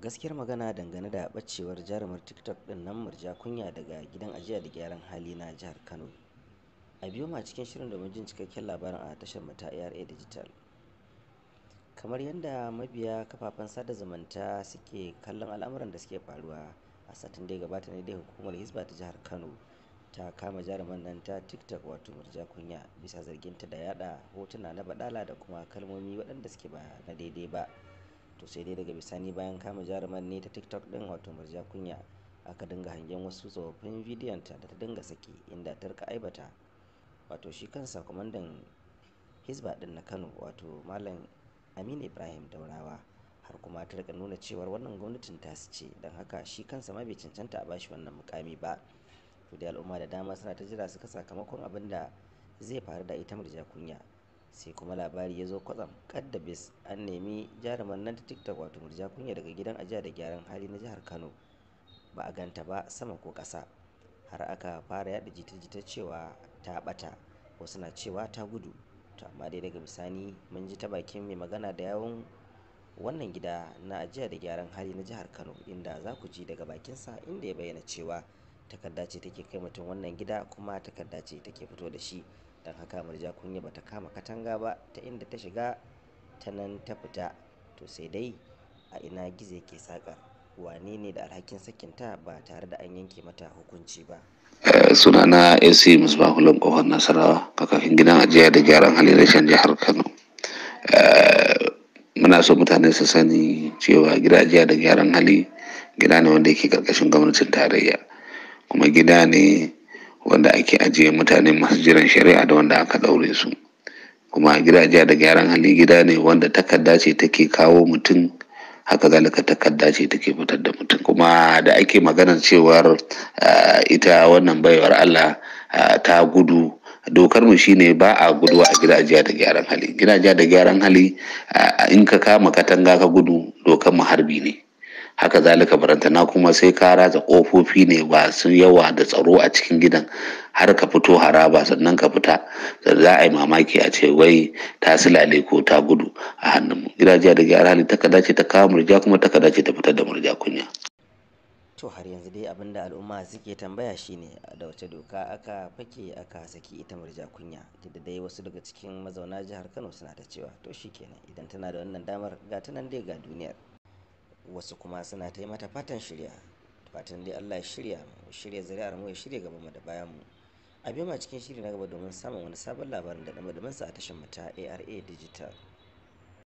gaskiyar magana dangane da ɓacewar jarumar tiktok ɗin nan murja kunya daga gidan ajiya da gyaran hali na jihar kano a biyo ma cikin shirin domin jin cikakken labarin a tashar mata ara digital kamar yadda mabiya kafafen sada zumunta suke kallon al'amuran da suke faruwa a satin da ya gabata ne dai hukumar hisba ta jihar kano ta kama jaruman nan ta tiktok wato murja kunya bisa zarginta da yada hotuna na baɗala da kuma kalmomi waɗanda suke ba na daidai ba to sai dai daga bisani bayan kama jaruman ne ta tiktok din wato murja kunya aka dinga hangen wasu tsofaffin bidiyon ta da ta dinga saki inda ta rika aibata wato shi kansa kwamandan hisba din na kano wato malam aminu ibrahim daurawa har kuma ta rika nuna cewar wannan gwamnatin ta su ce don haka shi kansa ma bai cancanta a bashi wannan mukami ba to dai al'umma da dama suna ta jira su ka sakamakon abin da zai faru da ita murja kunya sai kuma labari ya zo kwatsam kadda bis an nemi jaruman nan ta tiktok wato murja kunya daga gidan ajiya da gyaran hali na jihar kano ba a ganta ba sama ko kasa har aka fara yada jita-jita cewa ta bata wasu na cewa ta gudu to amma dai daga bisani mun ji ta bakin mai magana da yawon wannan gida na ajiya da gyaran hali na jihar kano inda za ku ji daga sa inda ya bayyana cewa takarda ce take kai mutum wannan gida kuma takarda ce take fito da shi don haka murja kunya bata kama katanga ba ta inda ta shiga ta nan ta fita to sai dai a ina gizo yake sakar wane ne da alhakin sakin ta ba tare da an yanke mata hukunci ba sunana ac musbahulan kofar nasarawa kakakin gidan ajiya da gyaran hali jihar kano eh, muna so mutane su sani cewa gida ajiya da gyaran hali gida ne wanda yake karkashin gwamnatin tarayya kuma gida ne wanda ake ajiye mutane masu jiran shari'a da wanda aka ɗaure su kuma gidaje da gyaran hali gida ne wanda takarda ce take kawo mutum haka zalika takarda ce take fitar da mutum kuma da ake maganar cewar eh, ita wannan baiwar allah eh, ta gudu dokar mu shine ba a guduwa a gidajiya da gyaran hali gidajiya da gyaran hali eh, in ka kama katanga ka gudu dokar mu harbi ne haka zalika barantana kuma sai ka ratsa ƙofofi ne ba su yawa da tsaro a cikin gidan har ka fito haraba sannan ka fita da za a yi mamaki a ce wai ta silale ko ta gudu a hannunmu gidajiya da gyara hali ta ce ta kawo murja kuma ta ce ta fitar da murja kunya to har yanzu dai abin da al'umma suke tambaya shine da wace doka aka fake aka saki ita murja kunya da dai wasu daga cikin mazauna jihar kano suna ta cewa to shi kenan idan tana da wannan damar ga ta nan dai ga duniyar wasu kuma suna ta yi mata fatan shirya fatan dai Allah ya shirya mu shirya zuri'ar mu ya shirya gaba mu da bayan mu a biyu ma cikin shiri na gaba domin samun wani sabon labarin da dama sa a tashar mu ta ARA Digital